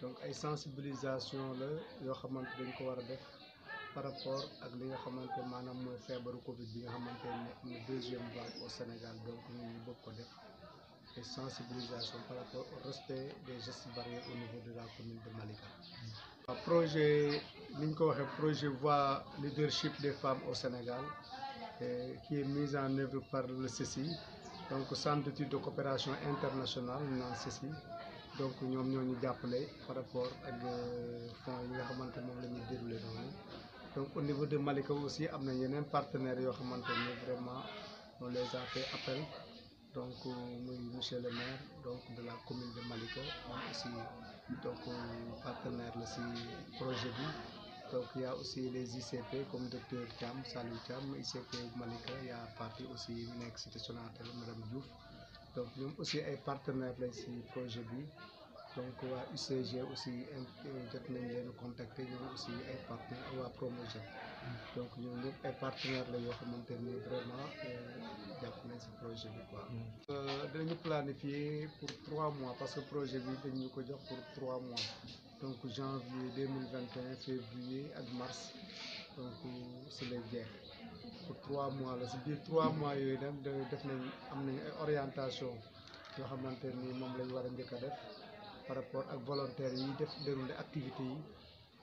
donc ay sensibilisation la yoo xamante ko par rapport ak li nga xamante maanaam mooy le Covid bi nga xamante deuxième vague au Sénégal donc ñu ñu bëgg sensibilisation par rapport au respect des gestes barrières au niveau de la commune de Malika. Le projet ni voix leadership des femmes au Sénégal qui est mise en œuvre par le CECI donc centre d'études de coopération internationale le CECI donc nous avons ñu par rapport ak fonds euh, yi nga xamante moom la ñuy déroulé donc au niveau de Malika aussi am na yeneen partenaires yoo xamante vraiment on les a appel donc euh, muy monsieur le maire donc de la commune de Malika moom aussi donc euh, partenaire de si projet bi donc il y a aussi les ICP comme docteur Thiam Salut Thiam ICP Malika il y a parti aussi une la Sonatel madame Diouf donc sommes aussi un partenaires pour ce projet là donc UCG aussi nous nous nous contacter aussi ay partenaires waa promotion. donc nous sommes des partenaires qui yoo vraiment euh, projet Nous quoi. Euh, nous planifier pour trois mois parce que le projet bi nous ko pour trois mois donc janvier 2021, février et mars donc euh, c'est les pour trois mois la si biir trois mois yooyu nag def nañ am nañ ay orientation yoo xamante nii moom lañ war a njëkk a def par rapport ak volontaires yi def déroulé activités yi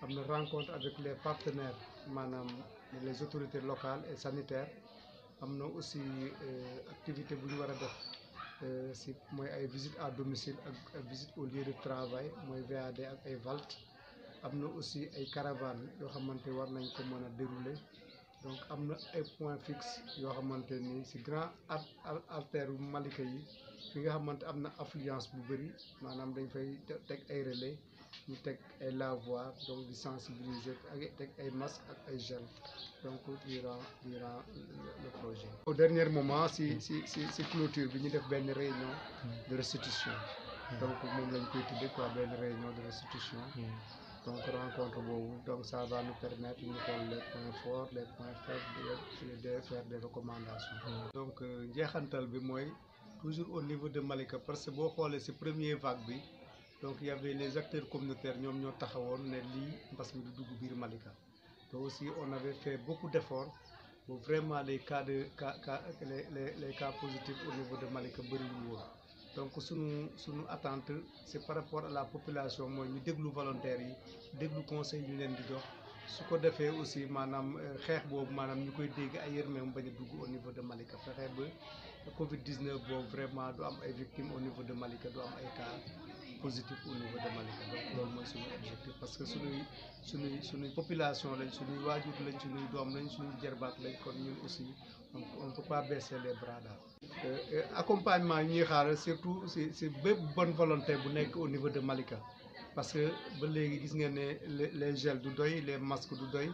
am na rencontre avec les partenaires maanaam les autorités locales et sanitaires am na aussi euh, activité bu ñu war a def euh, si mooy ay visite à domicile ak visite au lieu de travail mooy VAD ak ay VALT am na aussi ay caravane yoo xamante war nañ ko mën a dérouler donc il y a un point fixe yoo xamante ni si grand artère bu Malika yi fi nga une affluence bu bëri manam dañ fay teg ay relais ñu teg ay lavoir donc di sensibiliser ak teg ay masque et ay gel donc y aura le projet au dernier moment c'est si si clôture bi ñu def réunion de restitution hmm. donc on lañ koy une quoi réunion de restitution hmm donc ça va nous permettre de mettre les points forts les points faibles de faire des recommandations donc euh, j'ai bi toujours au niveau de Malika parce que bo le premier vague donc il y avait les acteurs communautaires qui ñoo été en train parce se du Malika Donc aussi on avait fait beaucoup d'efforts pour vraiment les cas positifs au niveau de Malika donc que nous attente c'est par rapport à la population nous ñu déglu volontaires yi déglu conseil ñu leen di jox su ko aussi maanaam euh, xeex boobu maanaam ñu koy dégg ay yërmeem bañ a au niveau de Malika fexe Covid 19 boobu vraiment du am ay victimes au niveau de Malika du am ay cas positifs au niveau de Malika donc loolu mooy objectif parce que nous, suñuy suñuy population lañ suñuy waajur lañ suñuy doom lañ suñuy jarbaat lañ kon aussi on on peut pas baisser les bras euh, accompagnement ñi xaar surtout c'est c'est bépp bonne volonté bu nekk au niveau de Malika parce que ba légui gis ngeen né les gels du doy les masques du doy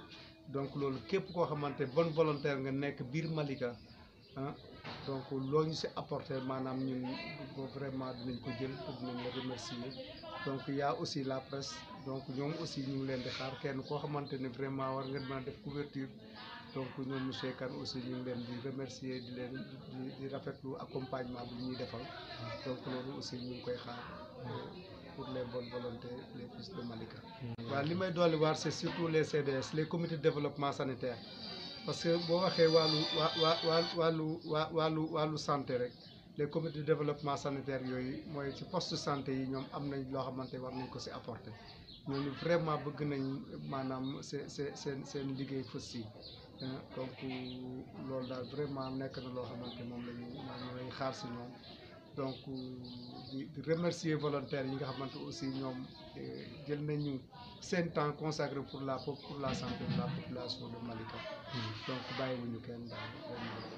donc loolu képp ko xamanté bonne volonté nga nekk biir Malika hein donc loñ ci apporter manam ñun vraiment dinañ ko jël dinañ ñu remercier donc il y a aussi la presse donc ñom aussi ñu ngi leen di xaar kenn ko xamanté ni vraiment war nga mën def couverture donc ñoom monsieur Kane aussi ñu ngi leen di remercier di leen di di rafetlu accompagnement bi ñuy defal donc loolu aussi ñu ngi koy xaar pour les bonnes volontés les fils de Malika. waaw li may dolli waar c'est surtout les CDS les comités de développement sanitaire parce que boo waxee wàllu waa waa wàllu waa wàllu wàllu santé rek les comités de développement sanitaire yooyu mooy ci poste santé yi ñoom am nañ loo xamante war nañ ko si apporter ñooñu vraiment bëgg nañ maanaam seen seen seen seen liggéey fës si donc loolu daal vraiment nekk na loo xamante moom la ñuy xaar si ñoom donc euh, di di remercier volontaires yi nga xamante aussi ñoom euh, jël nañu seen temps consacré pour la pour la santé de la population de Malika. Hmm. donc bàyyiwuñu kenn daal vraiment.